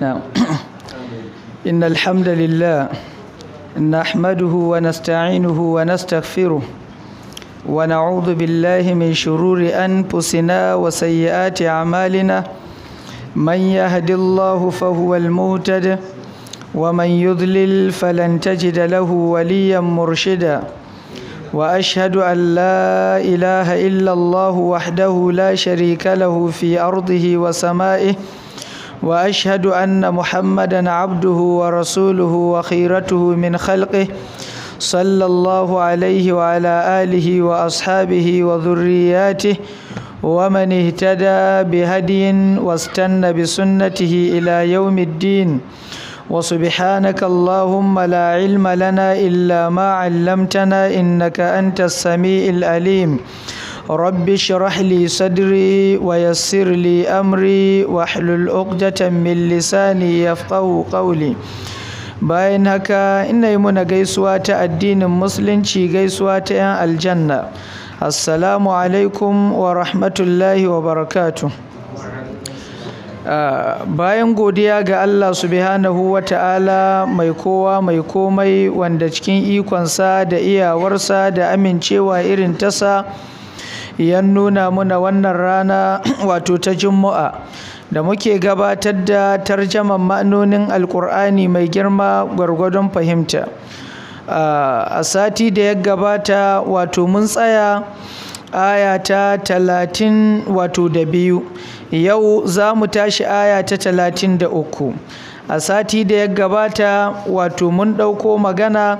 نعم إن الحمد لله نحمده ونستعينه ونستغفره ونعوذ بالله من شرور أنفسنا وسيئات أعمالنا من يهد الله فهو المهتد ومن يضلل فلن تجد له وليا مرشدا وأشهد أن لا إله إلا الله وحده لا شريك له في أرضه وسمائه وأشهد أن محمدا عبده ورسوله وخيرته من خلقه صلى الله عليه وعلى آله وأصحابه وذرياته ومن اهتدى بهدي واستنى بسنته إلى يوم الدين وسبحانك اللهم لا علم لنا إلا ما علمتنا إنك أنت السميع العليم Rabbi اشرح Sadri صدري ويسر لي wa واحلل عقدة من لساني يفقه قولي bayan haka ina yi muna gaisuwa ta addinin musulunci gaisuwa ta 'yan aljanna assalamu alaikum wa rahmatullahi wa barakatu ah, bayan godiya ga allah subhanahu wa ta'ala mai kowa mai komai wanda cikin ikonsa da iyawarsa da amincewa irin tasa Yan nuna muna wannan rana wato ta Jumu'a da muke gabatar da tarjaman ma'anonin Alƙur'ani mai girma gwargwadon fahimta. A sati da ya gabata wato mun tsaya aya ta talatin wato da biyu yau za mu tashi aya ta talatin da uku a sati da ya gabata wato mun ɗauko magana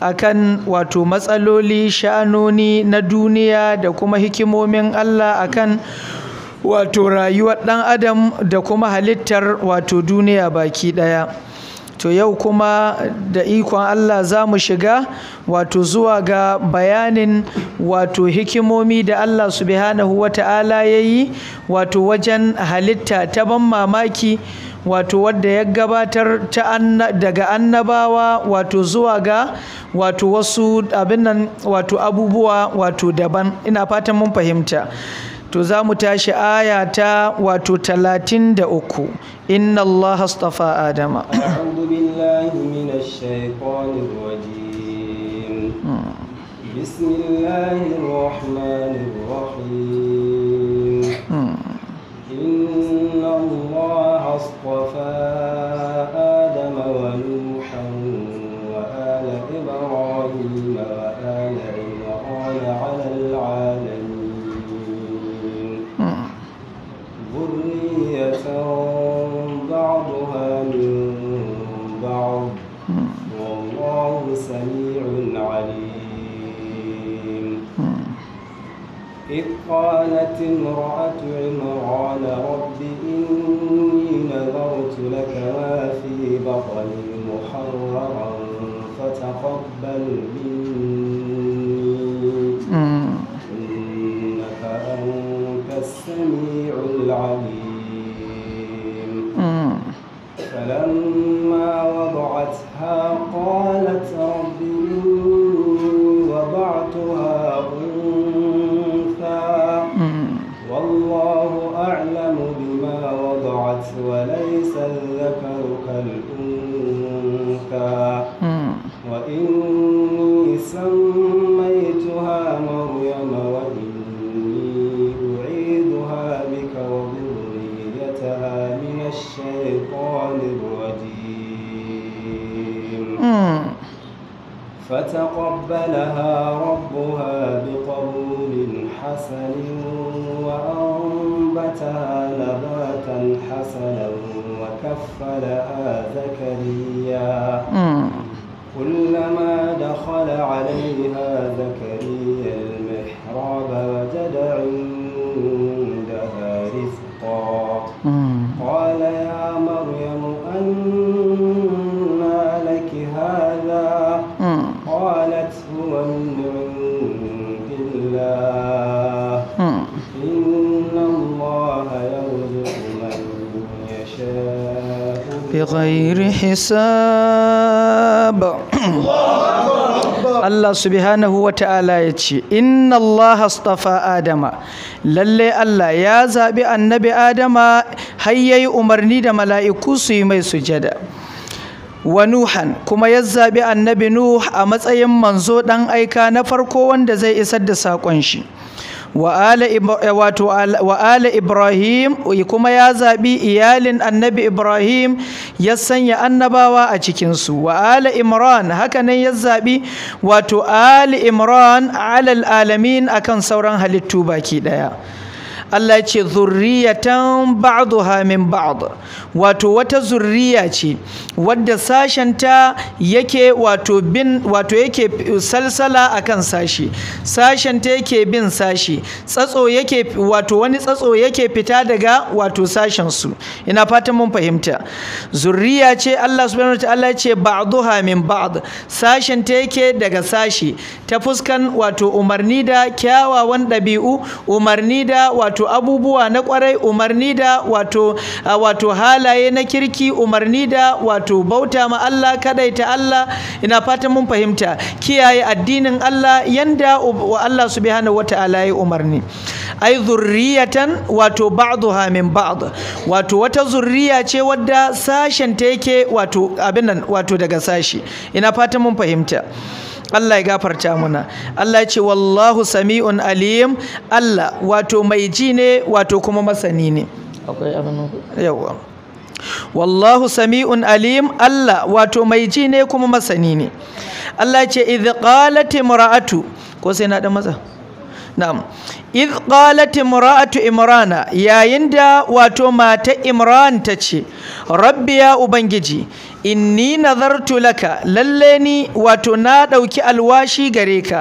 akan wato matsaloli shanoni na duniya da kuma hikimomin Allah akan wato rayuwar ɗan adam da kuma halittar wato duniya baki ɗaya to yau kuma da ikon Allah za mu shiga wato zuwa ga bayanin wato hikimomi da Allah subhanahu wata'ala ya yi wato wajen halitta ta ban mamaki wato wadda ya gabatar daga annabawa wato zuwa ga wato wasu abin wato abubuwa wato daban ina fatan mun fahimta to za mu tashi aya ta wato talatin da uku inna Allah astafa adama بسم الله الرحمن الله اصطفى آدم ونوحا وآل إبراهيم وآل عمران على العالمين ذرية بعضها من بعض والله سميع عليم إذ قالت امرأة عمران ربي نذرت لك ما في بطني محررا فتقبل مني بغير حساب Allah subhanahu wa ta'ala ya ce, Inna Allah astafa Adama, lallai Allah ya zaɓi annabi Adama har ya yi umarni da mala'iku suyi mai sujada. Wa Nuhan kuma ya zaɓi annabi Nuh a matsayin manzo ɗan aika na farko wanda zai isar da saƙon shi. wa ibrahim kuma ya zaɓi iyalin annabi ibrahim ya sanya annabawa a cikinsu wa ala imran haka nan ya zaɓi wato ali imran alal alamin akan sauran halittu baki ɗaya Allah ce zurriyatan ba'daha min ba'd wato wata zurriya ce wadda sashenta yake wato bin wato yake salsala akan sashi sashenta yake bin sashi tsatso yake wato wani tsatso yake fita daga wato sashen su ina fatan mun fahimta zurriya ce Allah subhanahu wataala ce ba'daha min ba'd sashenta yake daga sashi ta fuskan wato umarni da kyawawan ɗabi'u umarni da wato wato abubuwa na kwarai umarni da wato wato halaye na kirki umarni da wato bauta ma Allah kadaita Allah ina fatan mun fahimta kiyaye addinin Allah yanda wa Allah subhanahu wataala ya umarni ai zurriyatan wato ba'dha min ba'd wato wata zurriya ce wadda sashen ta yake wato abin nan wato daga sashi ina fatan mun fahimta Allah ya gafarta muna Allah ya ce wallahu sami'un alim Allah wato mai ji ne wato kuma masani ne akwai abin yawa wallahu sami'un alim Allah wato mai ji ne kuma masani ne Allah ya ce idh qalat imra'atu ko sai na da matsa na'am idh qalat imra'atu imrana yayin da wato mata imran ta ce rabbi ya ubangiji inni nazartu laka lalle ni wato na ɗauki alwashi gare ka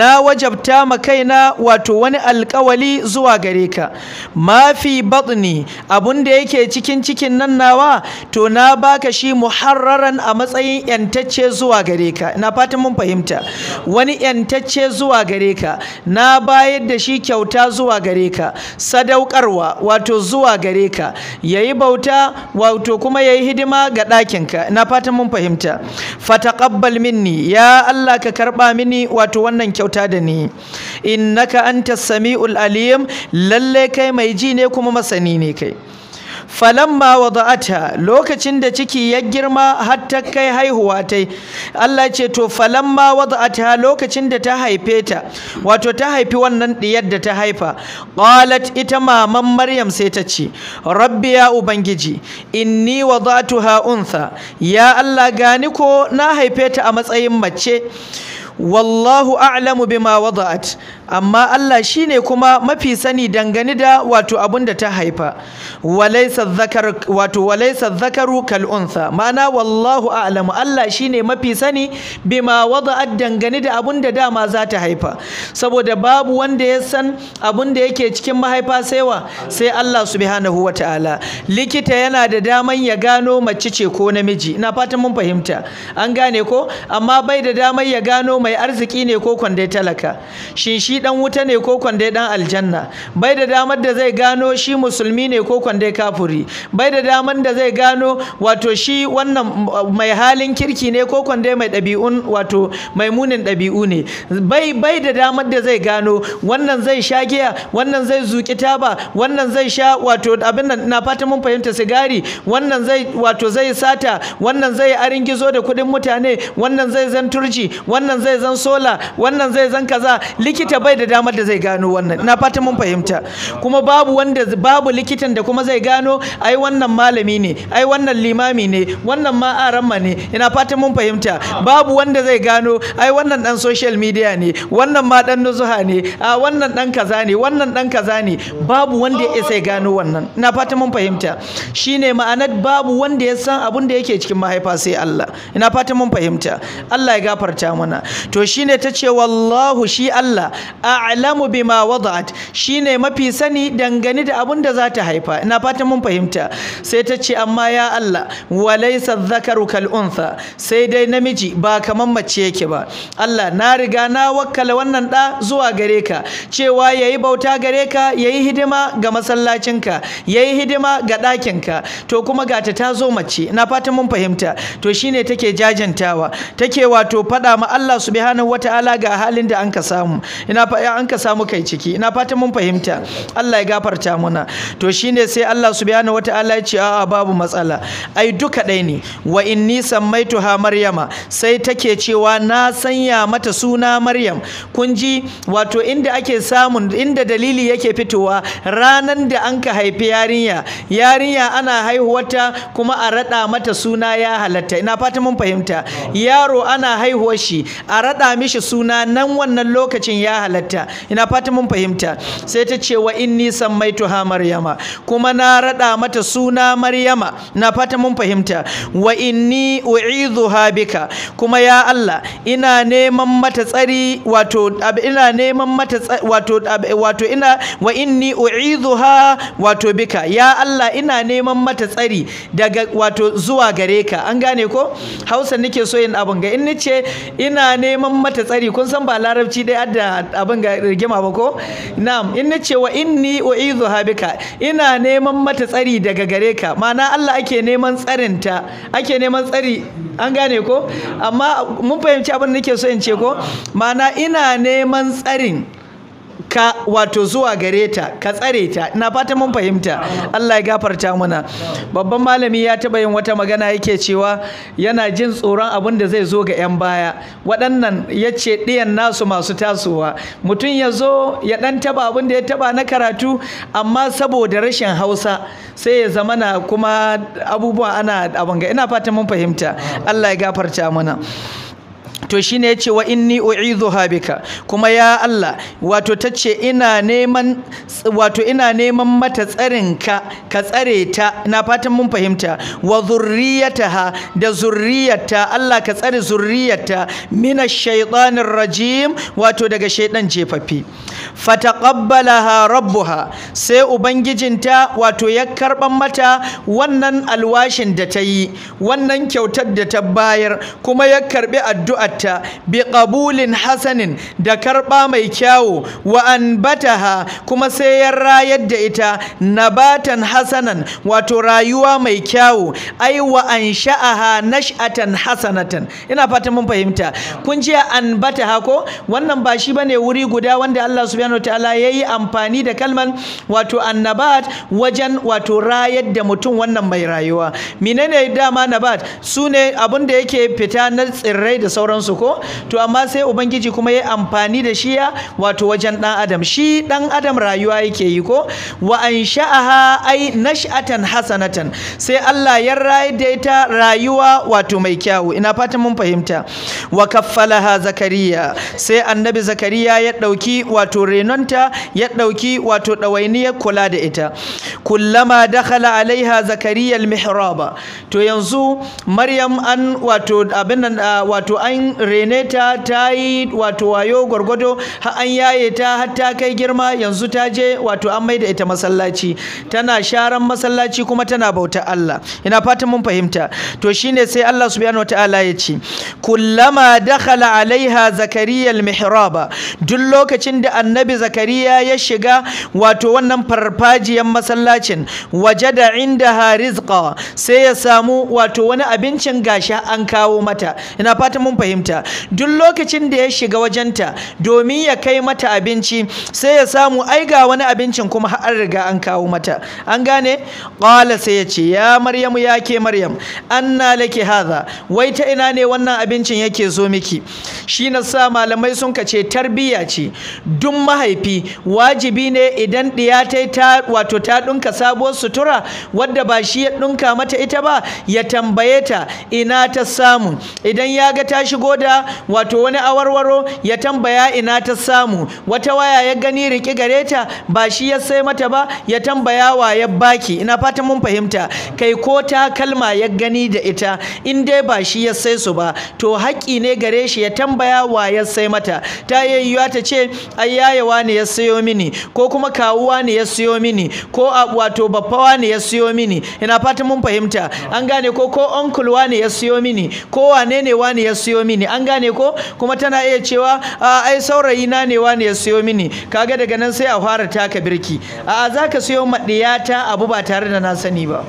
na wajabta ma kaina wato wani alkawali zuwa gare ka ma fi batni abun da yake cikin cikin nan nawa to na baka shi muharraran a matsayin yantacce zuwa gare ka na fatan mun fahimta wani yantacce zuwa gare ka na bayar da shi kyauta zuwa gare ka sadaukarwa wato zuwa gare ka yayi bauta wato kuma yayi hidima ga ɗakinka Na ina fatan mun fahimta fataqabbal minni ya Allah ka karba mini wato wannan kyauta da ni innaka antas samiul alim lalle kai mai ji ne kuma masani ne kai falamma wada'ata lokacin da ciki ya girma har ta kai haihuwa tai Allah ce to falamma wada'ata lokacin da ta haife ta wato ta haifi wannan diyar da ta haifa qalat ita maman Maryam sai ta ce rabbi ya ubangiji inni wada'tuha untha ya Allah gani ko na haife ta a matsayin mace wallahu a'lamu bima wada'at amma Allah shi ne kuma mafi sani dangane da wato abin da ta haifa wato mana wallahu a'lamu Allah shi ne mafi sani bima wada'at dangane da abin da dama za ta haifa saboda babu wanda ya san abin da yake cikin mahaifa sai wa sai Allah subhanahu ta'ala. likita yana da daman ya gano mace ce ko namiji ina fatan mun fahimta an gane ko amma bai da daman ya gano mai arziki ne ko kwandai talaka shin shi dan wuta ne ko kwandai dan aljanna bai da damar da zai gano shi musulmi ne ko kwandai kafuri bai da damar da zai gano wato shi wannan mai halin kirki ne ko kwandai mai dabi'un wato mai munin ɗabi'u ne bai bai da damar da zai gano wannan zai sha giya wannan zai zuki taba wannan zai sha wato abin nan na fata mun fahimta sigari wannan zai wato zai sata wannan zai aringizo da kuɗin mutane wannan zai zan turji wannan zai zan sola wannan zai zan kaza likita bai da damar da zai gano wannan na fatan mun fahimta kuma babu wanda babu likitan da kuma zai gano ai wannan malami ne ai wannan limami ne wannan ma aranma ne ina fatan mun fahimta babu wanda zai gano ai wannan dan social media ne wannan ma dan nuzuha ne a wannan dan kaza ne wannan dan kaza ne babu wanda ya sai gano wannan ina fatan mun fahimta shine ma'anar babu wanda ya san abin da yake cikin mahaifa sai Allah ina fatan mun fahimta Allah ya gafarta mana to shine ta ce wallahu shi Allah a'lamu bima wada'at shine mafi sani dangane da abin da za ta haifa ina fatan mun fahimta sai ta ce amma ya Allah walaysa dhakaru kal untha sai dai namiji ba kaman mace yake ba Allah na riga na wakkala wannan da zuwa gare ka cewa yayi bauta gare ka yayi hidima ga masallacin masallacinka yayi hidima ga ka, to kuma gata ta zo mace ina fatan mun fahimta to shine take jajantawa take wato faɗa ma Allah subhanahu wataala ga halin da anka samu ina an ka samu kai ciki ina fatan mun fahimta Allah ya gafarta muna to shine sai Allah subhanahu wataala ya ce a'a babu matsala ai duka dai ne wa inni ha maryama sai take cewa na sanya mata suna maryam kun ji wato inda ake samun inda dalili yake fitowa ranan da an ka haifi yarinya yarinya ana haihuwarta kuma a raɗa mata suna ya halatta ina fata mun fahimta yaro ana haihuwar shi a raɗa mishi suna nan wannan lokacin ya halatta halatta ina fata mun fahimta sai ta ce wa inni ha maryama kuma na rada mata suna maryama na fata mun fahimta wa inni ha bika kuma ya Allah ina neman mata tsari wato ina neman mata wato wato ina wa inni u'idhuha wato bika ya Allah ina neman mata tsari daga wato zuwa gare ka an gane ko Hausa nake so yin abun ga in nace ina neman mata tsari kun san ba larabci dai adda abin ga rigima ba ko na'am in nace wa inni izu habika ina neman mata tsari daga gare ka ma'ana Allah ake neman tsarin ake neman tsari an gane ko amma mun fahimci abin da nake so in ce ko ma'ana ina neman tsarin ka wato zuwa gare ta ka tsare ta ina fata mun fahimta Allah ya gafarta mana babban malami ya taba yin wata magana yake cewa yana jin tsoron abin da zai zo ga yan baya waɗannan ya ce ɗiyan nasu masu tasowa mutum ya zo ya ɗan taba abin da ya taba na karatu amma saboda rashin hausa sai ya zamana kuma abubuwa ana abin ina fata mun fahimta Allah ya gafarta mana to shine yace wa inni u'idhuha bika kuma ya Allah wato tace ina neman wato ina neman mata tsarin ka ka tsare ta na fatan mun fahimta wa zurriyataha da zurriyarta Allah ka tsare zurriyarta mina shaytanir rajim wato daga shaidan jefaffe fataqabbalaha rabbuha sai ubangijinta wato ya karban mata wannan alwashin da ta yi wannan kyautar da ta bayar kuma ya karbi addu'a ta bi qabulin hasanin da karba mai kyawu wa ha kuma sai ya rayar da ita nabatan hasanan wato rayuwa mai kyawu ai wa ansha'aha nash'atan hasanatan ina fata mun fahimta kun ji anbataha ko wannan ba shi bane wuri guda wanda Allah subhanahu wataala yayi amfani da kalman wato annabat wajen wato rayar da mutum wannan mai rayuwa menene dama nabat sune abin da yake fita na tsirrai da sauran sauransu ko to amma sai ubangiji kuma ya amfani da shi ya wato wajen dan adam shi dan adam rayuwa yake yi ko wa ansha'aha ai nash'atan hasanatan sai Allah ya rayar da ita rayuwa wato mai kyau ina fatan mun fahimta wa kaffalaha zakariya sai annabi zakariya ya dauki wato renonta ya dauki wato dawainiyar kula da ita kullama dakhala alaiha zakariya almihraba to yanzu maryam an wato abin wato an Reneta ta yi wato wayo gwargwado har an yaye ta har ta kai girma yanzu ta je wato an maida ita masallaci tana sharan masallaci kuma tana bauta Allah ina fatan mun fahimta to shine sai Allah subhanahu wataala ya ce kullama dakhala alaiha zakariya almihraba duk lokacin da annabi zakariya ya shiga wato wannan farfajiyan masallacin wajada indaha rizqa sai ya samu wato wani abincin gashi an kawo mata ina fatan mun fahimta fahimta duk lokacin da ya shiga wajenta domin ya kai mata abinci sai ya samu ai ga wani abincin kuma har riga an kawo mata an gane qala sai ya ce ya maryamu ya ke maryam anna laki hadha wai ta ina ne wannan abincin yake zo miki shi na sa malamai sun kace tarbiyya ce duk mahaifi wajibi ne idan diya ta wato ta dunka sabuwar sutura wadda ba shi ya dunka mata ita ba ya tambaye ta ina ta samu idan ya ga ta shigo Koda wato wani awarwaro ya tambaya ina ta samu wata waya ya gani riƙe gare ta ba shi ya sai mata ba ya tambaya wa ya baki ina fata mun fahimta kai ko ta kalma ya gani da ita in dai ba shi ya sai su ba to haƙƙi ne gare shi ya tambaya wa ya sai mata ta yayyuwa ta ce ai yayawa ne ya sayo mini ko kuma kawuwa ne ya sayo mini ko wato baffawa ne ya sayo mini ina fata mun fahimta an gane ko ko uncle ne ya sayo mini ko wane ne wane ya sayo mini mini an gane ko kuma tana iya cewa a ai saurayi na ne wani ya siyo mini kaga daga nan sai a fara taka birki a ka siyo ma abu ba tare da na sani ba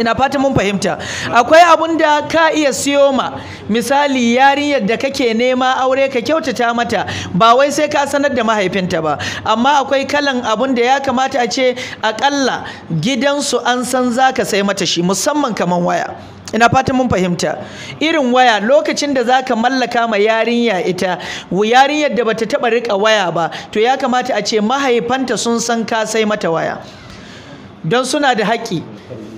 ina fata mun fahimta akwai abun da ka iya siyo ma misali yarinyar da kake nema aure ka kyautata mata ba wai sai ka sanar da mahaifinta ba amma akwai kalan abun da ya kamata a ce akalla gidansu an san za ka sai mata shi musamman kaman waya ina fatan mun fahimta irin waya lokacin da zaka mallaka ma yarinya ita yarinyar da bata taba rika waya ba to ya kamata a ce mahaifanta sun san ka sai mata waya don suna da haƙi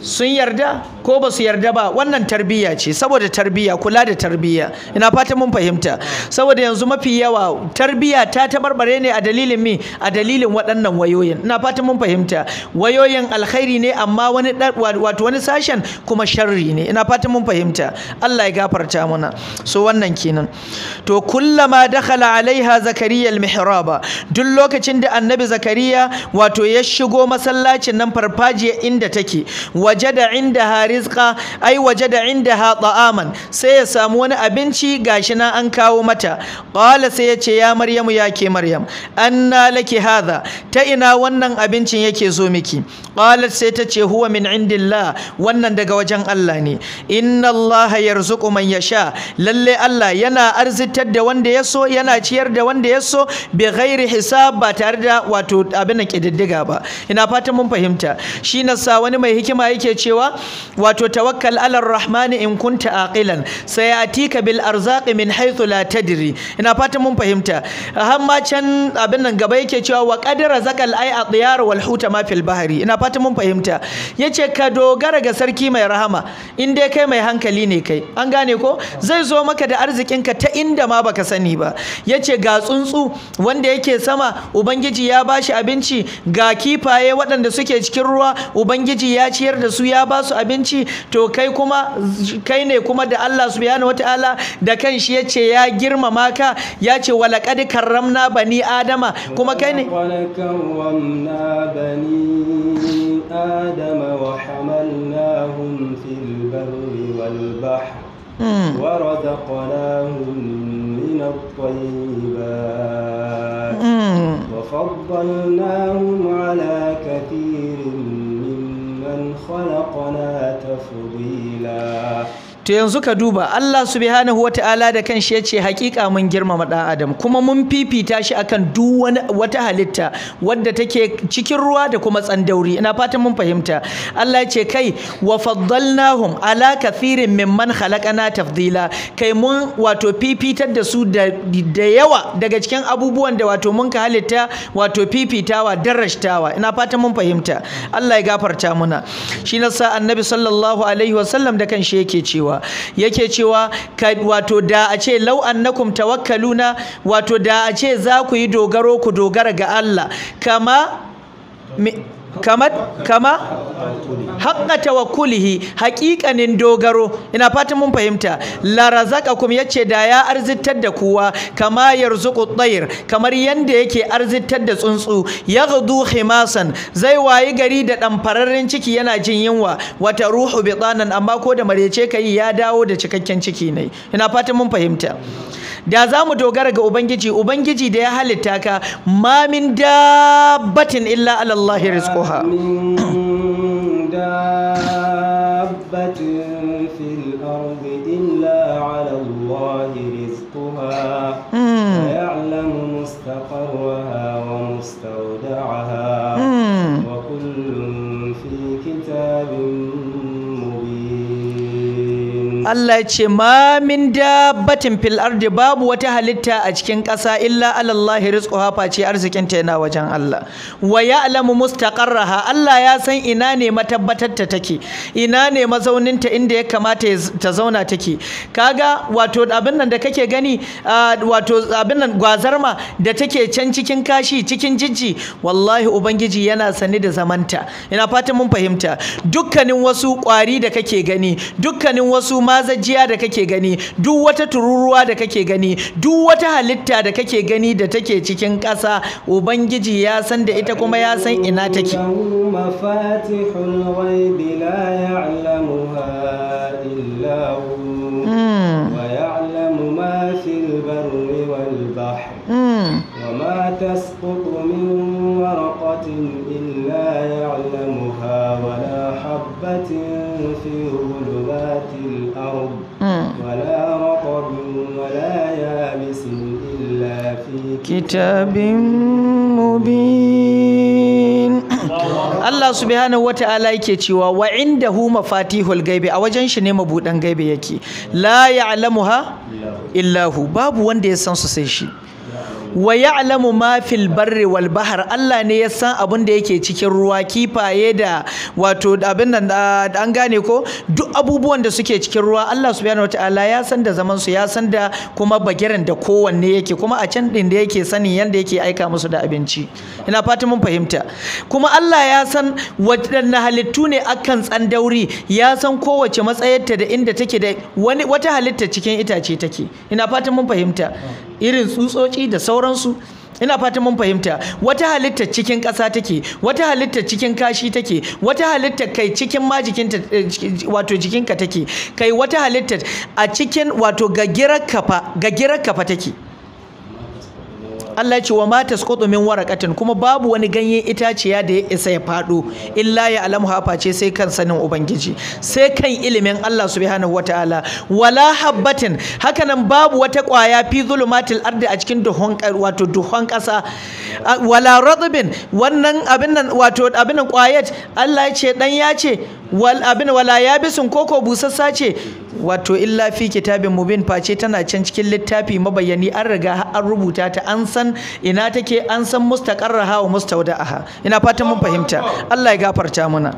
sun yarda ko ba su yarda ba wannan tarbiyya ce saboda tarbiyya kula da tarbiyya ina fatan mun fahimta saboda yanzu mafi yawa tarbiyya ta tabarbare ne a dalilin mi a dalilin waɗannan wayoyin ina fatan mun fahimta wayoyin alkhairi ne amma wani wato wani sashen kuma sharri ne ina fatan mun fahimta Allah ya gafarta mana so wannan kenan to kullama dakhala alaiha zakariya almihraba duk lokacin da annabi zakariya wato ya shigo masallacin nan farfajiya inda take wajada inda hari rizqa ai wajada indaha ta'aman sai ya samu wani abinci gashi na an kawo mata qala sai yace ya maryamu ya ke maryam anna laki hadha ta ina wannan abincin yake zo miki qalat sai ta ce huwa min indillah wannan daga wajen Allah ne inna Allah yarzuqu man yasha lalle Allah yana arzitar da wanda ya so yana ciyar da wanda ya so bi ghairi hisab ba tare da wato abin da kididdiga ba ina fatan mun fahimta shi na sa wani mai hikima yake cewa wato tawakkal ala rahmani in kunta aqilan sayatika bil arzaqi min haythu la tadri ina fatan mun fahimta hamma can abin nan gaba yake cewa wa qadir razaqal ay atyar wal huta ma fil bahri ina fatan mun fahimta yace ka dogara ga sarki mai rahama in dai kai mai hankali ne kai an gane ko zai zo maka da arzikin ka ta inda ma baka sani ba yace ga tsuntsu wanda yake sama ubangiji ya bashi abinci ga kifaye waɗanda suke cikin ruwa ubangiji ya ciyar da su ya ba su abinci shi to kai kuma kai ne kuma da Allah subhanahu wataala da kanshi yace ya girmama ka yace walaqad karramna bani adama kuma kai ne wa ورزقناهم من الطيبات وفضلناهم على كثير خلقنا تفضيلا to yanzu ka duba Allah subhanahu wata'ala da kanshi ya ce hakika mun girmama dan adam kuma mun fifita shi akan duk wani wata halitta wadda take cikin ruwa da kuma tsandauri ina fatan mun fahimta Allah ya ce kai wa faddalnahum ala kathirin mimman khalaqana tafdila kai mun wato fifitar da su da yawa daga cikin abubuwan da wato mun ka halitta wato fifitawa darashtawa ina fatan mun fahimta Allah ya gafarta muna shi nasa annabi sallallahu alaihi wasallam da kanshi yake cewa cewa yake cewa wato da a ce law annakum tawakkaluna wato da a ce za ku yi dogaro ku dogara ga Allah kama kama kama hakka tawakkulihi haqiqanin dogaro ina fatan mun fahimta la razaqakum yace da ya arzitar da kuwa kama yarzuqu tayr kamar yanda yake arzitar da tsuntsu yaghdu himasan zai wayi gari da damfararren ciki yana jin yunwa wata ruhu bitanan amma ko da marece kai ya dawo da cikakken ciki ne ina fatan mun fahimta da za mu dogara ga ubangiji ubangiji da ya halitta ka mamin min dabbatin illa ala allahi rizqu يرزقها من دابة في الأرض إلا على الله رزقها ويعلم مستقرها Allah ya ce ma min dabbatin fil ardi babu wata halitta a cikin ƙasa illa alallahi rizquha face arzikin ta yana wajen Allah wa ya'lamu mustaqarraha Allah ya san ina ne matabbatar ta take ina ne mazaunin inda ya kamata ta zauna take kaga wato abin nan da kake gani wato abin nan gwazarma da take can cikin kashi cikin jijji wallahi ubangiji yana sani da zamanta ina fatan mun fahimta dukkanin wasu kwari da kake gani dukkanin wasu ma mazajiya da kake gani duk wata tururuwa da kake gani duk wata halitta da kake gani da take cikin ƙasa ubangiji ya san da ita kuma ya san ina take hmm. Hmm. Hmm. وما تسقط من ورقة إلا يعلمها ولا حبة في ظلمات الأرض hmm. ولا رقب ولا يابس إلا في كتاب مبين Allah subhanahu wata'ala yake cewa wa huma mafatihul gaibi a wajen shi ne mabudan gaibi yake la ya'lamuha illahu babu wanda ya san su shi wa ya'lamu ma fil barri wal bahr Allah ne ya san abin da yake cikin ruwa kifaye da wato abin nan an gane ko duk abubuwan da suke cikin ruwa Allah subhanahu wataala ya san da zaman su ya san da kuma bagiran da kowanne yake kuma a can din da yake sani yanda yake aika musu da abinci ina fatan mun fahimta kuma Allah ya san waɗanne halittu ne akan tsandauri ya san kowace matsayarta da inda take da wani wata halitta cikin itace take ina fatan mun fahimta irin tsutsotsi da sauran sauransu ina fatan mun fahimta wata halitta cikin ƙasa take wata halitta cikin kashi take wata halitta kai cikin ma eh, wato jikinka take kai wata halitta a cikin wato gagirar kafa gagirar kafa take Allah ya ce wa ma tasqutu min waraqatin kuma babu wani ganyen itaciya da ya isa ya fado illa ya alamu hafa ce sai kan sanin ubangiji sai kan ilimin Allah subhanahu wataala wala habbatin hakanan babu wata kwaya fi zulumatil ardi a cikin duhon wato duhon kasa wala radbin wannan abin nan wato abin nan Allah ya ce dan ya ce wal abin wala yabisun koko busassa ce wato illa fi kitabin mubin face tana can cikin littafi mabayani an riga an rubuta ta an san nan ina take an san mustaqarraha wa mustawda'aha ina fatan mun fahimta Allah ya gafarta muna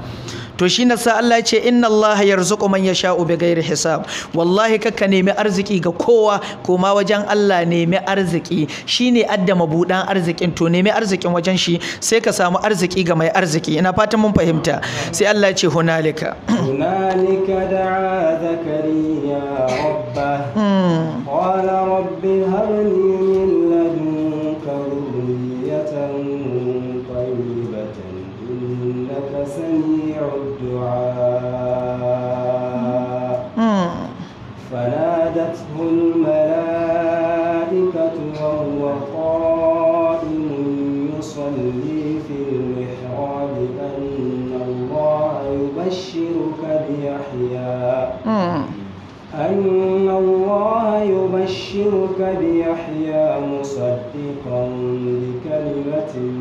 to shi na sa Allah ya ce inna Allah yarzuqu man yasha'u bighairi hisab wallahi kakka nemi arziki ga kowa koma wajen Allah nemi arziki shine adda mabudan arzikin to nemi arzikin wajen shi sai ka samu arziki ga mai arziki ina fatan mun fahimta sai Allah ya ce hunalika hunalika da'a zakariya rabbah hmm. qala rabbi habni min فنادته الملائكة وهو قائم يصلي في المحراب أن الله يبشرك بيحيى أن الله يبشرك بيحيى مصدقا بكلمة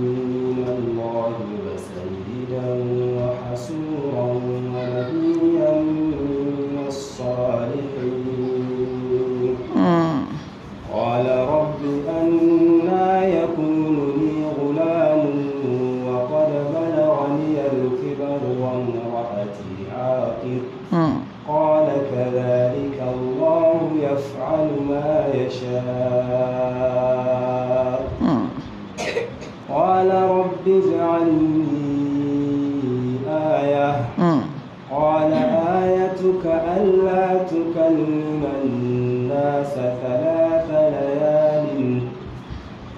تكلم الناس ثلاث ليال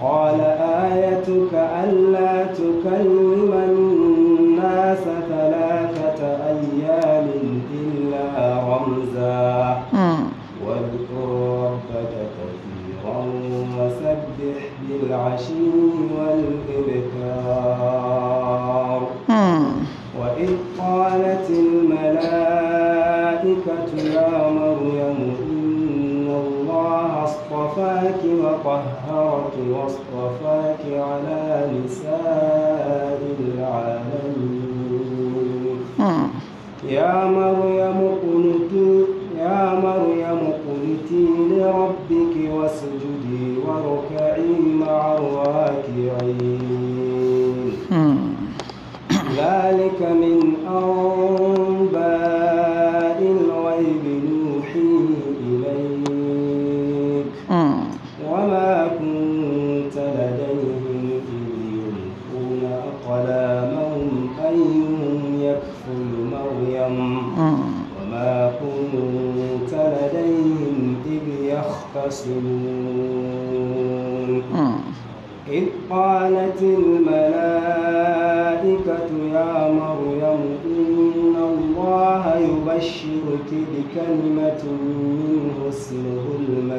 قال آيتك ألا تكلم الناس ثلاثة أيام إلا رمزا واذكر ربك كثيرا وسبح بالعشي والعشي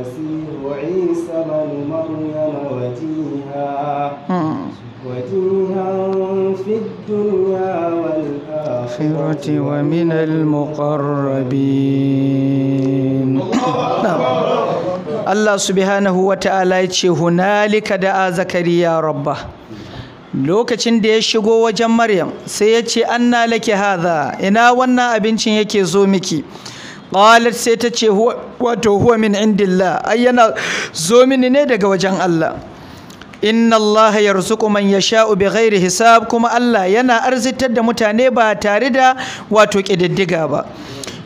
المسيح عيسى بن مريم وجيها وجيها في الدنيا والآخرة ومن المقربين Allah subhanahu wa ta'ala ya ce hunalika da'a zakariya rabba lokacin da ya shigo wajen Maryam sai ya ce anna laki hadha ina wannan abincin yake zo miki qalat sai ta ce wato huwa min indillah ay yana zo mini ne daga wajen Allah inna Allah yarzuqu man yasha'u bighairi hisab kuma Allah yana arzitar da mutane ba tare da wato kididdiga ba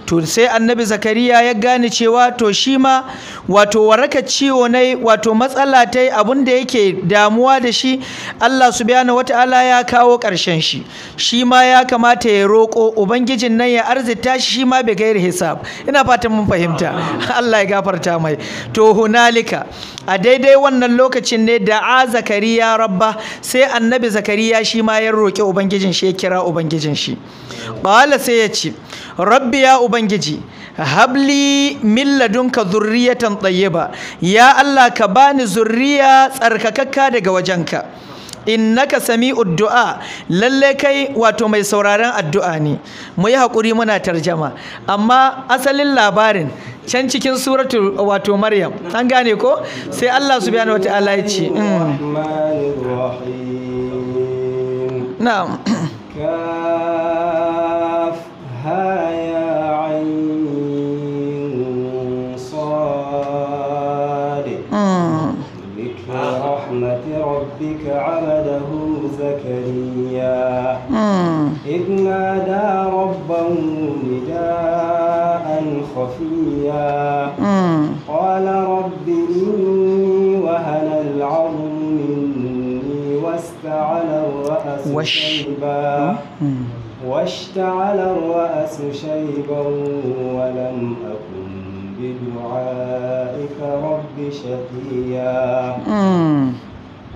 to sai annabi zakariya ya gane cewa to shi ma wato waraka ciwo ne wato matsala ta abun da yake damuwa da shi Allah subhanahu wataala ya kawo karshen shi shi ma ya kamata ya roko ubangijin nan ya arzita shi shi ma bai gairi hisab ina fatan mun fahimta Allah ya gafarta mai to hunalika a daidai wannan lokacin ne da a zakariya rabba sai annabi zakariya shi ma ya roki ubangijin shi ya kira ubangijin shi qala sai ya ce rabbi ya ubangiji habli milladunka ka zurriyatan tayyiba ya Allah ka bani zurriya tsarkakakka daga wajenka innaka sami uddu'a, lalle kai wato mai sauraron addu'a ne mu yi hakuri muna tarjama amma asalin labarin can cikin suratu wato maryam an gane ko sai Allah subhanahu wataala ya ce hmm. na'am ربك عبده زكريا إذ نادى ربه نداء خفيا قال رب إني وهن العظم مني واستعل الرأس شيبا واشتعل الرأس شيبا ولم أكن بدعائك رب شقيا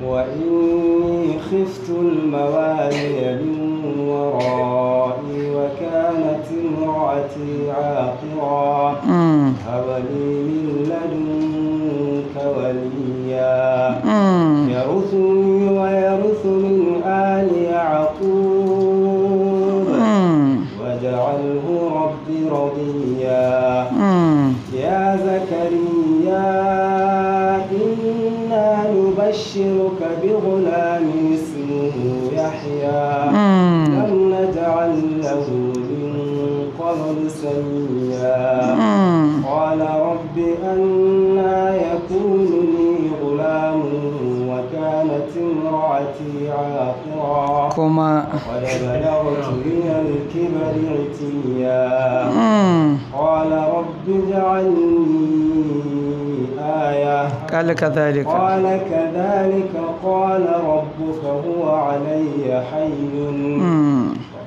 وإني خفت الموالي من ورائي وكانت امرأتي عاقرا هولي من لدنك وليا يرثني نبشرك بغلام اسمه يحيى لم نجعل له من قبل سميا قال رب أن kuma قال كذلك قال كذلك قال ربك هو علي حي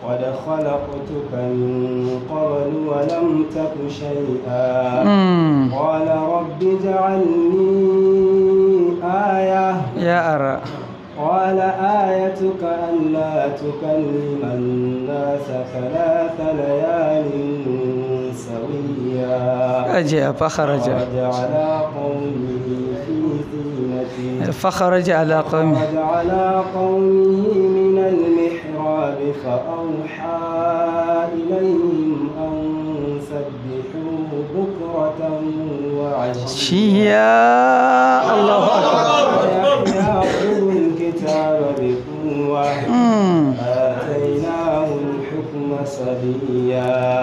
وقد خلقتك من قبل ولم تك شيئا قال رب اجعلني آية يا أرى قال آيتك ألا تكلم الناس ثلاث ليال سويا فخرج على قومه في فخرج على قومه فخرج على قومه من المحراب فأوحى إليهم أن سبحوه بكرة وعشيا الله أكبر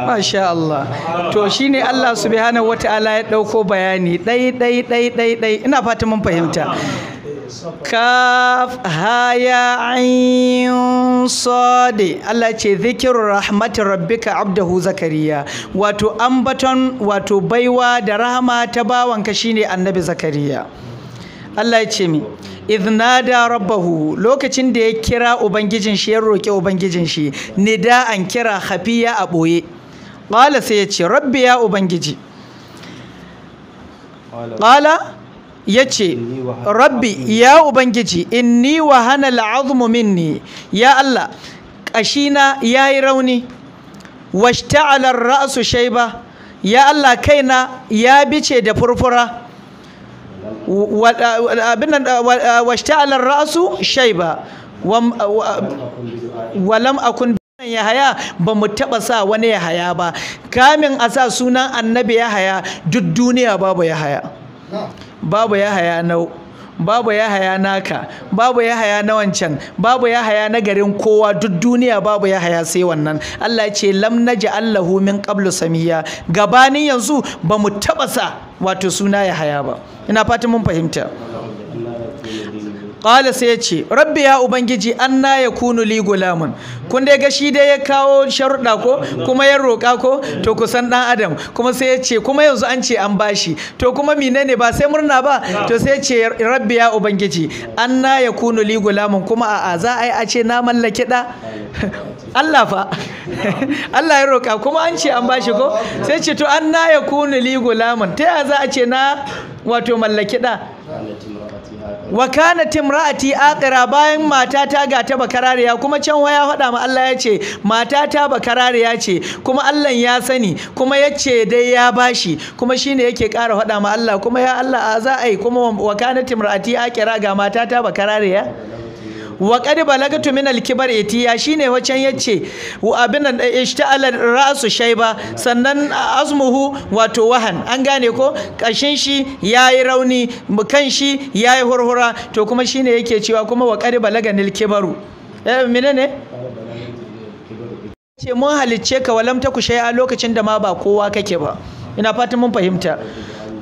Masha Allah. To shi ne Allah subhanahu wata ya ɗauko bayani ɗai ɗai ɗai ɗai ɗai ina fata mun fahimta. Kaf haya ayin sode Allah ce zikiru rahmatin rabbika abdahu zakariya wato ambaton wato baiwa da rahama ta bawanka shine annabi zakariya. Allah ya ce mi. iznada rabbahu lokacin da ya kira ubangijin shi ya roƙi ubangijin shi nida an kira hafiya a ɓoye ƙala sai ya ce rabbi ya ubangiji ƙala ya ce rabbi ya ubangiji inni wa hana al'azmu minni ya Allah ƙashina ya yi rauni washta'alar ra'asu shaiba ya Allah kaina ya bice da furfura abin nan washta'ala ra'su shayba walam akun ya yahaya ba mu taɓa sa wani yahaya ba kamin a sa sunan annabi yahaya duk duniya babu yahaya babu yahaya nau babu ya haya naka babu ya haya na wancan babu ya haya na garin kowa duk duniya babu ya haya sai wannan Allah ya ce lam naji allahu min qablu samiya gabanin yanzu bamu taba sa wato suna ya haya ba ina fatan mun fahimta qala sai ya ce rabbi ya ubangiji ya kunu li gulamun kun dai gashi dai ya kawo sharuɗa ko kuma ya roƙa ko to kusan ɗan adam kuma sai ya ce kuma yanzu an ce an bashi to kuma ne ba sai murna ba to sai ya ce rabbi ya ubangiji ya kunu li gulamun kuma a a za a yi a ce na mallaki ɗa? Allah fa Allah ya roƙa kuma an ce an bashi ko sai ce to an na ya kunu li gulamun ta ya za a ce na wato mallaki ɗa? wa kana timra'ati aqira bayan matata ga ta bakarariya kuma can waya faɗa ma Allah ya ce matata bakarariya ce kuma Allah ya sani kuma ya ce dai ya bashi kuma shine yake ƙara faɗa ma Allah kuma ya Allah a za a yi kuma wa kana timra'ati aqira ga matata bakarariya wa Balaga balagatu min al-kibar itiya shine wacan yace abin nan eh, ishta'ala ra'su shayba sannan azmuhu wato wahan an gane ko kashin shi yayi rauni kan shi yayi hurhura to kuma shine yake cewa kuma wa Balaga balaganil kibaru eh menene ce mun halicce ka walam ta ku a lokacin da ma ba kowa kake ba ina fatan mun fahimta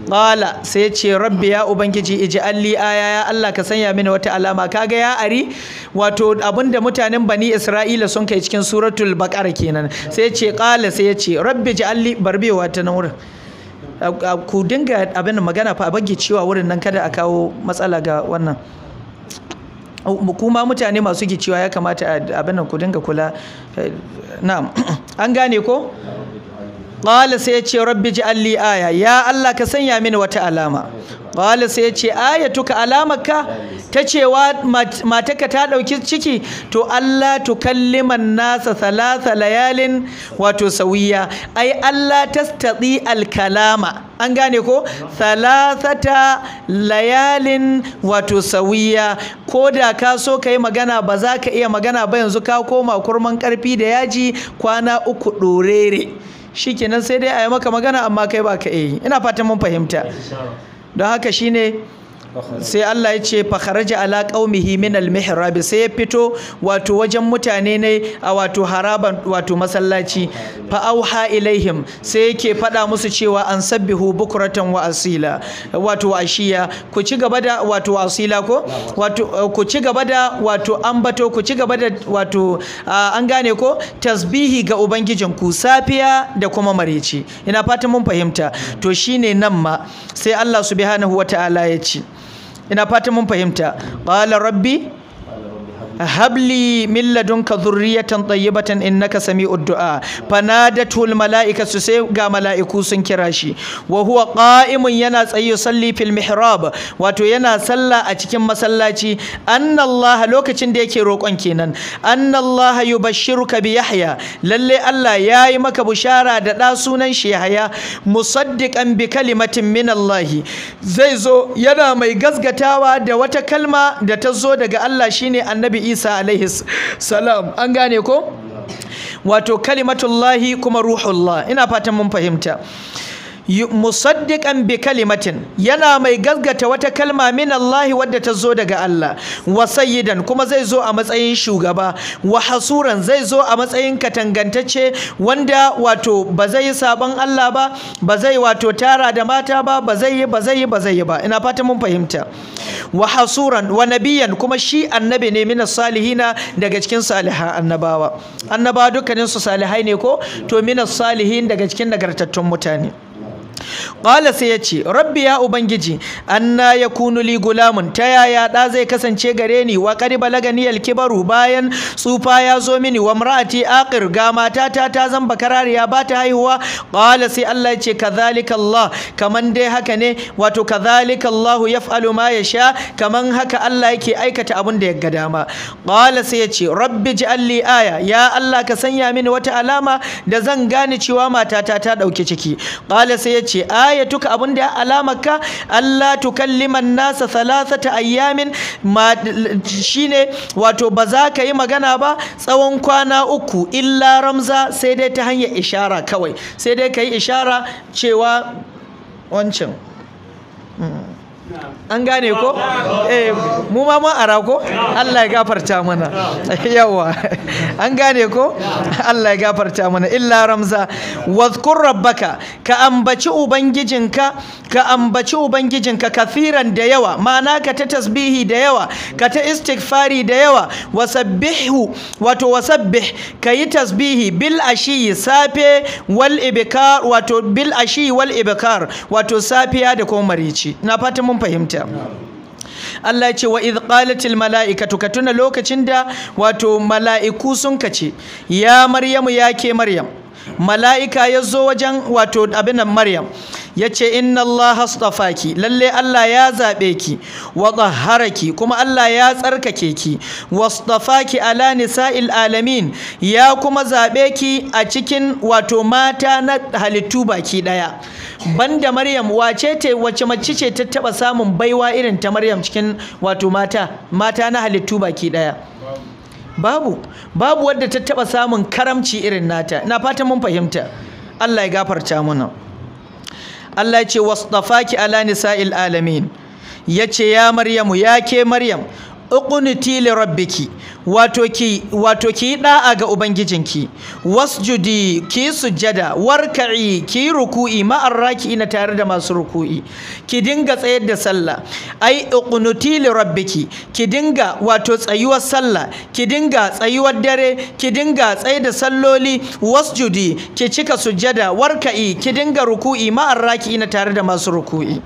qala sai ce rabbi ya ubangiji iji alli. aya ya Allah ka sanya mini wata alama kaga ya ari wato abinda mutanen bani isra'ila sun kai cikin suratul baqara kenan sai ce qala sai ce rabbi ji ij'alli barbewa ta nan wurin ku dinga abin magana fa a cewa wurin nan kada a kawo matsala ga wannan kuma mutane masu gicewa ya kamata abin nan ku dinga kula eh, na an gane ko qala sai ya ce rabbi ij'al li aya ya Allah ka sanya mini wata alama qala sai ya ayatuka alamaka ta cewa mataka ta dauki ciki to Allah tukalliman nasa thalatha layalin wato sawiya ai Allah tastati al an gane ko thalathata layalin wato sawiya ko da ka so ka yi magana ba za ka iya magana ba yanzu ka koma kurman karfi da yaji kwana uku dorere shikenan sai dai a yi maka magana amma kai ba ka yi ina fatan mun fahimta don haka shine sai Allah ya ce fa kharaja ala qaumihi min al mihrab sai ya fito wato wajen mutane ne a wato haraban wato masallaci fa auha ilaihim sai yake faɗa musu cewa an sabbihu bukratan wa asila wato ashiya ku ci gaba da wato asila ko wato ku ci gaba da wato ambato ku ci gaba da wato an gane ko tasbihi ga ubangijin ku safiya da kuma mareci ina fatan mun fahimta to shine nan ma sai Allah subhanahu wataala ya ce ina fatan mun fahimta qala rabbi habli min ladunka dhurriyatan tayyibatan innaka sami'ud du'a fanadatu al mala'ikatu sai ga mala'iku sun kira shi wa huwa qa'imun yana tsayo salli fil mihrab wato yana sallah a cikin masallaci anna lokacin da yake roƙon kenan yu Allah yubashshiruka bi Yahya lalle Allah yayi maka bushara da ɗa sunan shi Yahya musaddiqan bi kalimatin min Allah zai zo yana mai gasgatawa da wata kalma da ta zo daga Allah shine annabi isa alaihi salam an gane ko wato kalimatullahi kuma ruhullah ina fatan mun fahimta musaddiqan bi kalimatin yana mai gaggata wata kalma min Allah wadda ta zo daga Allah wa sayyidan kuma zai zo a matsayin shugaba wa hasuran zai zo a matsayin katangantacce wanda wato ba zai yi sabon Allah ba ba zai wato tara da mata ba ba zai ba zai ba zai ba ina fata mun fahimta wa hasuran wa nabiyan kuma shi annabi ne minas salihina daga cikin saliha annabawa annabawa dukkaninsu salihai ne ko to minas salihin daga cikin nagartattun mutane qala sai ya ce rabbi ya ubangiji anna ya li gulamun ta yaya ɗa zai kasance gare ni wa ƙari balagani al-kibaru bayan tsufa ya zo mini wa mar'ati a ga matata ta zan ya ba ta haihuwa qala sai Allah ya ce zalika Allah kaman dai haka ne wato kadhalika Allah yaf'alu ma sha. kaman haka Allah yake aikata abin da ya ga dama qala sai ya ce rabbi ji li aya ya Allah ka sanya mini wata alama da zan gane cewa matata ta ɗauki ciki qala sai ya ce ce tuka abin da ya ka? Allah tukalliman nasa salasata ayyamin shine wato ba za ka yi magana ba tsawon kwana uku illa ramza sai dai ta hanyar ishara kawai sai dai ka yi ishara cewa wancan hmm. an gane ko eh mu ma mun ara ko Allah ya gafarta mana yawa an gane ko Allah ya gafarta mana illa ramza wadhkur rabbaka ka ambaci ubangijinka ka ambaci ubangijinka kafiran da yawa ma'ana ka ta tasbihi da yawa ka ta istighfari da yawa wasabbihu wato wasabbih ka yi tasbihi bil ashi safe wal ibkar wato bil ashi wal ibkar wato safiya da kuma marici na fata mun mun fahimta Allah ya ce wa idh qalatil mala'ikatu ka tuna lokacin da wato mala'iku sun kace ya maryamu ya ke maryam mala'ika ya zo wajen wato abin Maryam yace inna allaha ki. lalle Allah ya zaɓe ki wa tahharaki kuma Allah ya tsarkake ki wastafaki ala nisa'il alamin ya kuma zaɓe ki a cikin wato mata na halittu baki daya banda Maryam wace ce wace mace ce ta taba samun baiwa irin ta Maryam cikin wato mata mata na halittu baki daya babu babu wadda ta taba samun karamci irin nata na fatan mun fahimta Allah ya gafarta mana Allah ya ce wasdafaki ala nisa'il alamin yace ya maryamu ya ke maryam uqniti li rabbiki wato ki wato ki da'a ga ubangijinki wasjudi ki sujjada warka'i ki ruku'i ma'ar ina tare da masu ruku'i ki dinga tsayar da sallah ai li rabbiki ki dinga wato tsayuwar sallah ki dinga tsayuwar dare ki dinga tsayar da salloli wasjudi ki cika sujjada warka'i ki dinga ruku'i ma'ar ina tare da masu ruku'i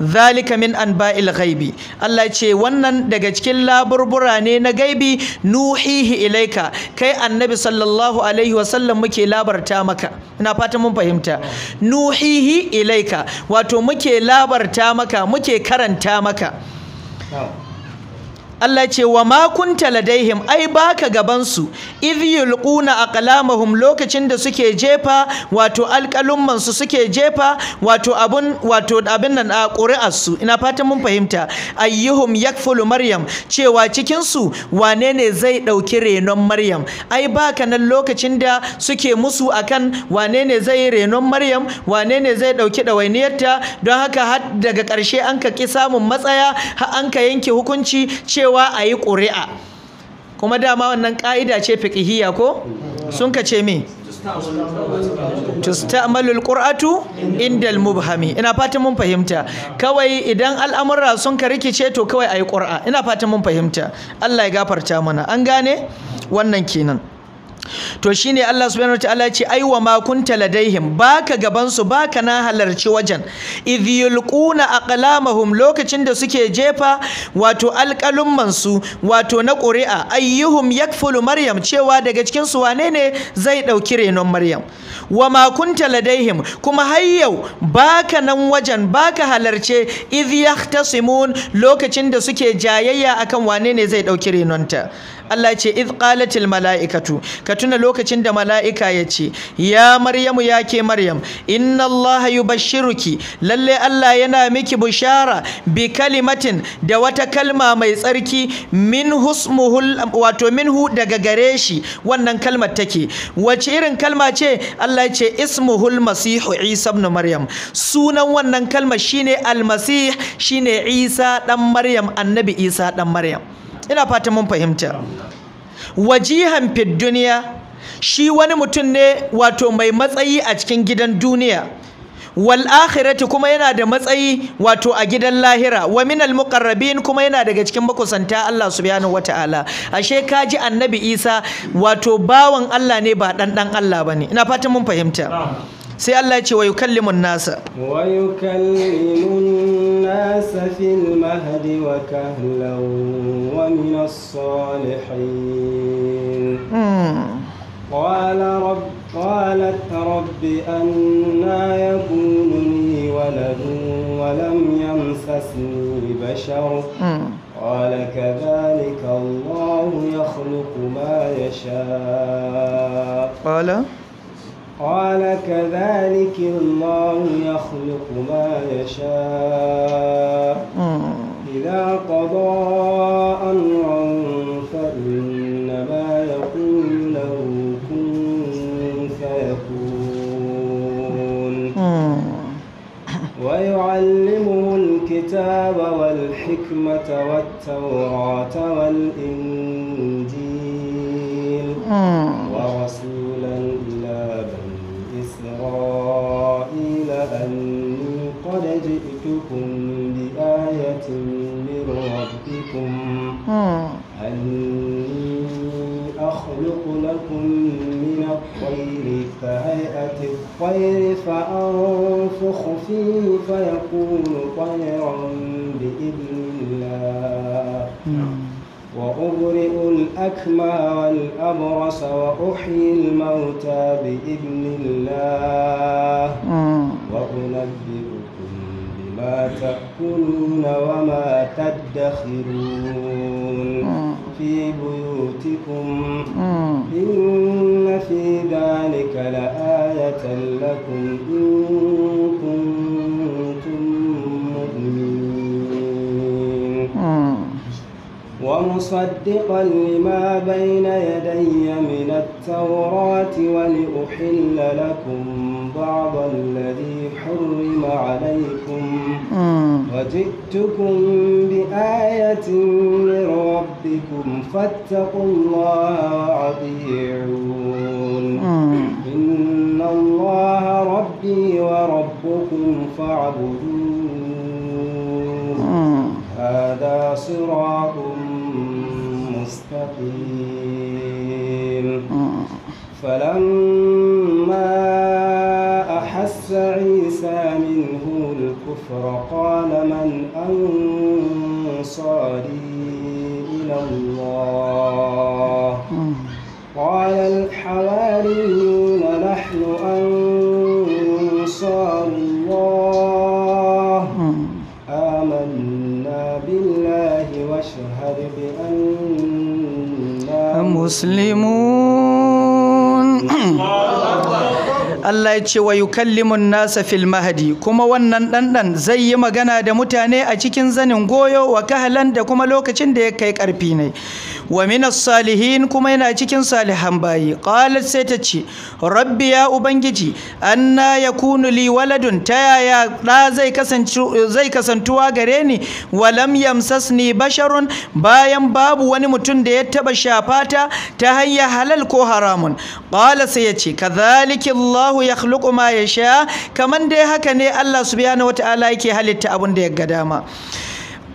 zalika min anba'il ghaibi Allah ce wannan daga cikin laburbura ne na gaibi nuhihi ilaika kai annabi sallallahu alaihi wasallam muke labarta maka ina fatan mun fahimta nuhihi ilaika wato muke labarta maka muke karanta maka Allah ce wa ma kunta ladaihim ai baka gaban su idh yulquna aqlamahum lokacin da suke jefa wato alqalumman su suke jefa wato abun wato abin nan a qur'an su ina fatan mun fahimta ayyuhum yakfulu maryam cewa cikin su wane ne zai ɗauki renon maryam ai baka nan lokacin da suke musu akan wane ne zai renon maryam wane ne zai ɗauki ɗawainiyarta don haka har daga ƙarshe an ka ki samun matsaya har an ka yanke hukunci cewa cewa a yi ƙuri'a kuma dama wannan ƙa'ida ce fiƙihiyya ko sun ka ce me tusta'malul qur'atu indal mubhami ina fatan mun fahimta kawai idan al'amura sun ka rikice to kawai ayi qur'a ina fatan mun fahimta Allah ya gafarta mana an gane wannan kenan to shine Allah subhanahu wataala ya ce ai wa ma kunta ladaihim baka gaban su baka na halarci wajen idh yulquna aqlamahum lokacin da suke jefa wato alqalumman su wato na ƙuri'a ayyuhum yakfulu maryam cewa daga cikin su wane ne zai dauki renon maryam wa ma kunta ladaihim kuma har yau baka nan wajen baka halarce idh yahtasimun lokacin da suke jayayya akan wane ne zai dauki renonta Allah ce idh qalatil mala'ikatu ka tuna lokacin da mala'ika ya ce ya maryamu ya ke maryam inna Allah yubashshiruki lalle Allah yana miki bushara bi kalimatin da wata kalma mai tsarki min husmuhul wato minhu daga gare shi wannan kalmar take wace irin kalma ce Allah ce ismuhul masihu Isa ibn Maryam sunan wannan kalma shine almasih shine Isa dan Maryam annabi Isa dan Maryam ina fata mun fahimta wajihan fid duniya shi wani mutum ne wato mai matsayi a cikin gidan duniya wal akhirati kuma yana da matsayi wato a gidan lahira wa minal muqarrabin kuma yana daga cikin makusanta Allah subhanahu wataala ashe kaji annabi Isa wato bawan Allah ne ba dan dan Allah bane ina fatan mun fahimta سي الله يجي ويكلم الناس ويكلم الناس في المهد وكهلا ومن الصالحين قال رب قالت رب أنا يكون لي ولد ولم يمسسني بشر قال كذلك الله يخلق ما يشاء قال قال كذلك الله يخلق ما يشاء إذا قضى أمرا فإنما يقول له كن فيكون ويعلمه الكتاب والحكمة والتوراة والإنجيل ورسول جئتكم بآية من ربكم آه. أني أخلق لكم من الطير كهيئة الطير فأنفخ فيه فيكون طيرا بإذن الله نعم. وأبرئ الأكمى والأبرص وأحيي الموتى بإذن الله آه. وأنبئ ما تأكلون وما تدخرون في بيوتكم إن في ذلك لآية لكم إن كنتم مؤمنين ومصدقا لما بين يدي من التوراة ولأحل لكم بعض الذي حرم عليكم وجئتكم بآية من ربكم فاتقوا الله وأطيعون إن الله ربي وربكم فاعبدوه هذا صراط مستقيم فلما عيسى منه الكفر قال من أنصاري إلى الله قال الحواريون نحن أنصار الله آمنا بالله واشهد بأننا مسلمون Allah ya ce wa yukallimun nasa fil mahadi kuma wannan ɗanɗan zai yi magana da mutane a cikin zanin goyo wa kahalan da kuma lokacin da ya kai ƙarfi ne wa minas salihin kuma yana cikin salihan bayi qalat sai ta ce rabbi ya ubangiji anna yakunu li waladun ta yaya da zai zai kasantuwa gare ni wa lam yamsasni basharun bayan babu wani mutum da ya taba shafata ta hanyar halal ko haramun qala sai ya ce kadhalika Allah yakhluqu ma yasha kaman dai haka ne Allah subhanahu wataala yake halitta abin da ya ga dama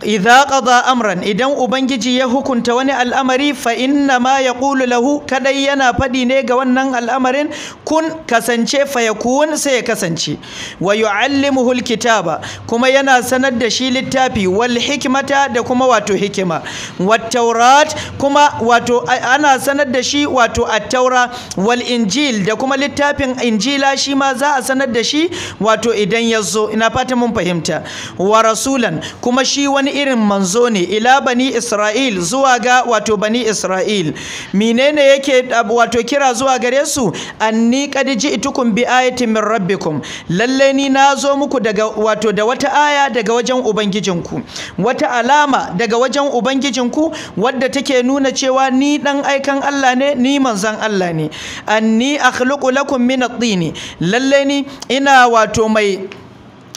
idza qada amran idan ubangiji ya hukunta wani al'amari fa inna ma yaqulu lahu kadai yana fadi ne ga wannan al'amarin kun kasance fa yakun sai ya kasance wa yuallimuhu alkitaba kuma yana sanar da shi littafi wal hikmata da kuma wato hikima wat tawrat kuma wato ana sanar da shi wato at-taura wal injil da kuma littafin injila shi ma za a sanar da shi wato idan yazo ina fata mun fahimta wa rasulan kuma shi wani irin manzo ne ila bani Isra'il zuwa ga wato bani Isra'il menene yake wato kira zuwa gare su anni qad ji'tukum bi ayatin min rabbikum lalle ni nazo muku daga wato da wata aya daga wajen ubangijinku wata alama daga wajen ubangijinku wadda take nuna cewa ni dan aikan Allah ne ni manzon Allah ne anni akhluqu lakum min at-tin lalle ni ina wato mai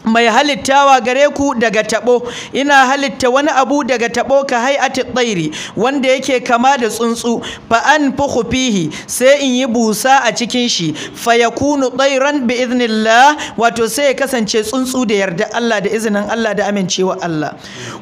mai halittawa gare ku daga tabo ina halitta wani abu daga tabo ka hay'ati tsairi wanda yake kama da tsuntsu fa an anfukhu fihi sai in yi busa a cikin shi fa yakunu tsairan bi idnillah wato sai ya kasance tsuntsu da yarda Allah da izinin Allah da amincewa Allah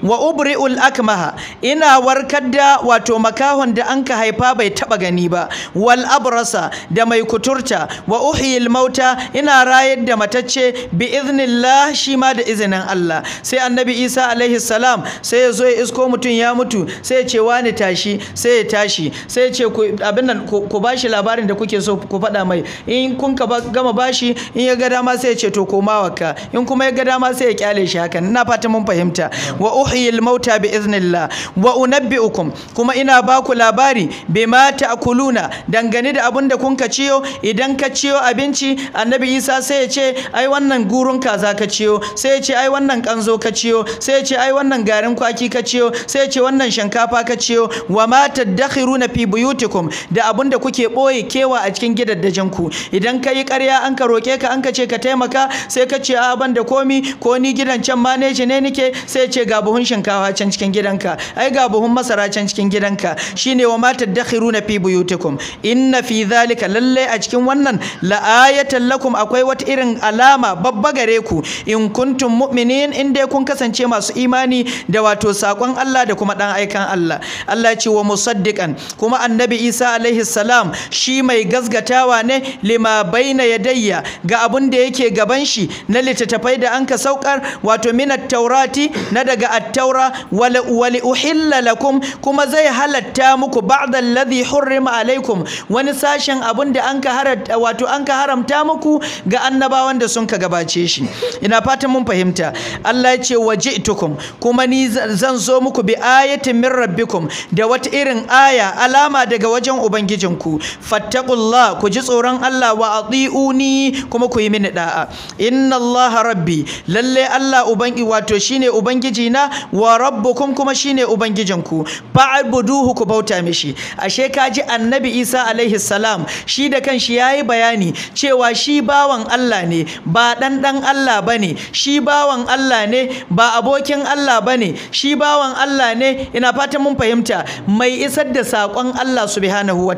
wa ubri'ul akmaha ina warkar da wato makahon da anka haifa bai taba gani ba wal abrasa da mai kuturta wa uhyil mauta ina rayar da matacce bi idnillah shi ma da izinin Allah sai annabi Isa alaihi salam sai ya zo ya isko mutum ya mutu sai ya ce wani tashi sai ya tashi sai ya ce abin nan ku bashi labarin da kuke so ku faɗa mai in kun ka gama bashi in ya ga dama sai ya ce to koma waka in kuma ya ga dama sai ya kyale shi hakan ina fata mun fahimta wa uhyil mauta bi iznillah wa unabbiukum kuma ina baku labari bima ta'kuluna dangane da abin da kun ka ciyo idan ka ciyo abinci annabi Isa sai ya ce ai wannan gurun kaza ka ci. ciyo sai ya ce ai wannan kanzo kaciyo. ciyo sai ya ce ai wannan garin kwaki kaciyo. ciyo sai ya ce wannan shinkafa kaciyo. ciyo wa ma tadakhiruna fi buyutikum da abun da kuke boye kewa a cikin gidaddajin ku idan kai ƙarya an ka roke ka an ka ce ka taimaka sai ka ce a ban da komi ko ni gidan can ma ne nake sai ya ce ga buhun shinkafa can cikin gidanka ai ga buhun masara can cikin gidanka shine wa ma tadakhiruna fi buyutikum inna fi zalika lalle a cikin wannan la ayatan lakum akwai wata irin alama babba gare ku in kuntum mu'minin in dai kun kasance masu imani da wato sakon Allah da kuma dan aikan Allah Allah ya ce wa musaddiqan kuma annabi Isa alaihi salam shi mai gazgatawa ne lima baina yadayya ga abun da yake gaban shi na littattafai da anka saukar wato minat taurati na daga at-taura wal uhilla lakum kuma zai halatta muku ba'da alladhi hurrima alaikum wani sashen abun da anka haramta wato anka haramta muku ga annabawan da sun ka gabace shi ina fatan mun fahimta Allah ya ce waji'tukum kuma ni zan zo muku bi ayatin min rabbikum da wata irin aya alama daga wajen ubangijinku fattaqullah ku ji tsoron Allah wa atiuni kuma ku yi mini da'a inna Allah rabbi lalle Allah ubangi wato shine ubangiji na wa rabbukum kuma shine ubangijinku fa'buduhu ku bauta mishi ashe ka ji annabi Isa alaihi salam shi da kanshi yayi bayani cewa shi bawan Allah ne ba dan dan Allah bane bane shi bawan Allah ne ba abokin Allah bane shi bawan Allah ne ina fatan mun fahimta mai isar da sakon Allah subhanahu wa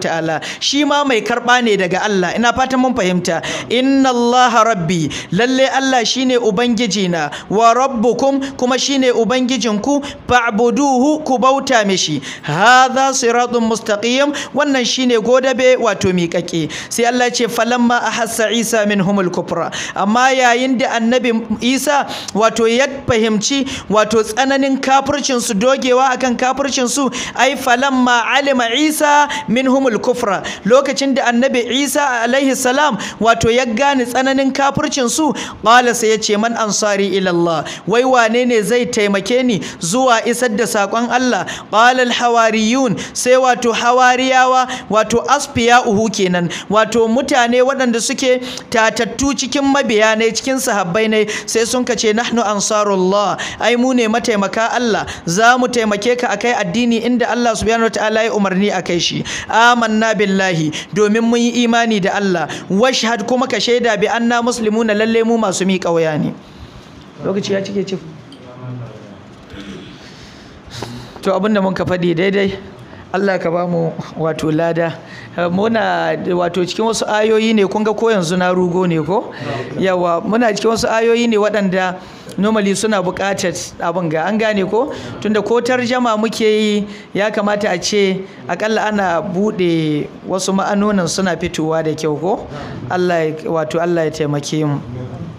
shi ma mai karɓa ne daga Allah ina fatan mun fahimta inna Allah rabbi lalle Allah shine ubangijina wa rabbukum kuma shine ubangijinku fa'buduhu ku bauta mishi hadha siratun mustaqim wannan shine godabe wato miƙaƙe sai Allah ya ce falamma ahassa Isa minhumul kufra amma yayin da annabi Isa wato ya fahimci wato tsananin kafircin su dogewa akan kafircin su ai ma alima Isa minhumul kufra lokacin da annabi Isa alaihi salam wato ya gane tsananin kafircin su qala sai yace man ansari ila Allah wai wane ne zai taimake ni zuwa isar da sakon Allah qala al hawariyun sai wato hawariyawa wato asfiya'uhu kenan wato mutane waɗanda suke tatattu cikin mabiya ne cikin sahabbai ne sai sun ka ce nahnu ansarullah ai mu ne mataimaka Allah za mu taimake ka akai addini inda Allah subhanahu wataala ya umarni akai shi amanna billahi domin mun yi imani da Allah washhad kuma ka shaida bi anna muslimuna lalle mu masu miƙa kauya ne lokaci ya cike cif to abinda mun ka faɗi daidai Allah ka ba mu wato lada Eh, muna wato cikin wasu ayoyi ne kun ga ko yanzu na rugo ne ko yawa muna cikin wasu ayoyi ne waɗanda normally suna buƙatar abin ga an gane ko tunda ko tarjama muke yi ya kamata a ce akalla ana buɗe wasu ma'anonin suna fitowa da kyau ko Allah wato Allah ya taimake mu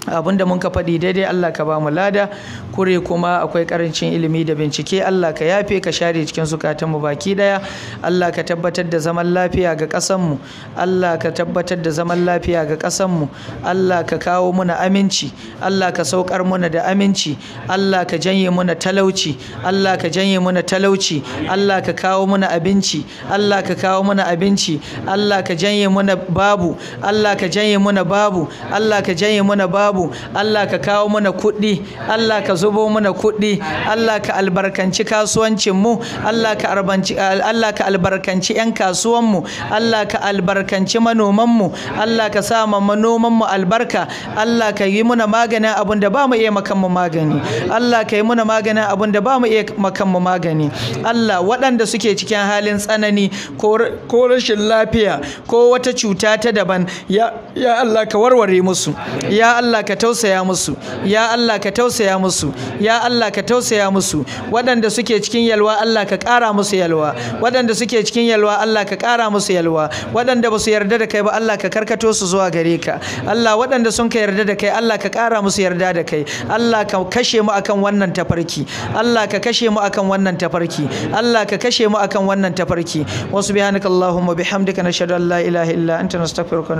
da mun ka faɗi daidai Allah ka ba mu lada kure kuma akwai karancin ilimi da bincike Allah ka yafe ka share cikin zukatanmu baki daya Allah ka tabbatar da zaman lafiya ga ƙasanmu Allah ka tabbatar da zaman lafiya ga ƙasanmu Allah ka kawo muna aminci Allah ka saukar muna da aminci Allah ka janye muna talauci Allah ka janye muna talauci Allah ka kawo muna abinci Allah ka kawo muna abinci Allah ka janye muna babu Allah ka janye muna babu Allah ka janye muna babu babu Allah ka kawo mana kuɗi Allah ka zubo mana kuɗi Allah ka albarkanci kasuwancin mu Allah ka albanci Allah ka albarkanci yan kasuwan mu Allah ka albarkanci manoman mu Allah ka sa ma manoman mu albarka Allah ka yi muna maganin abin da ba mu iya makan mu magani Allah ka yi muna maganin abin da ba mu iya makan mu magani Allah waɗanda suke cikin halin tsanani ko rashin lafiya ko wata cuta ta daban ya Allah ka warware musu ya Allah ka tausaya musu ya Allah ka tausaya musu ya Allah ka tausaya musu waɗanda suke cikin yalwa Allah ka ƙara musu yalwa waɗanda suke cikin yalwa Allah ka ƙara musu yalwa waɗanda basu yarda da kai ba Allah ka karkato su zuwa gare ka Allah waɗanda sun ka yarda da kai Allah ka ƙara musu yarda da kai Allah ka kashe mu akan wannan tafarki Allah ka kashe mu akan wannan tafarki Allah ka kashe mu akan wannan tafarki wa subhanakallahumma bihamdika nashhadu an la ilaha illa anta nastaghfiruka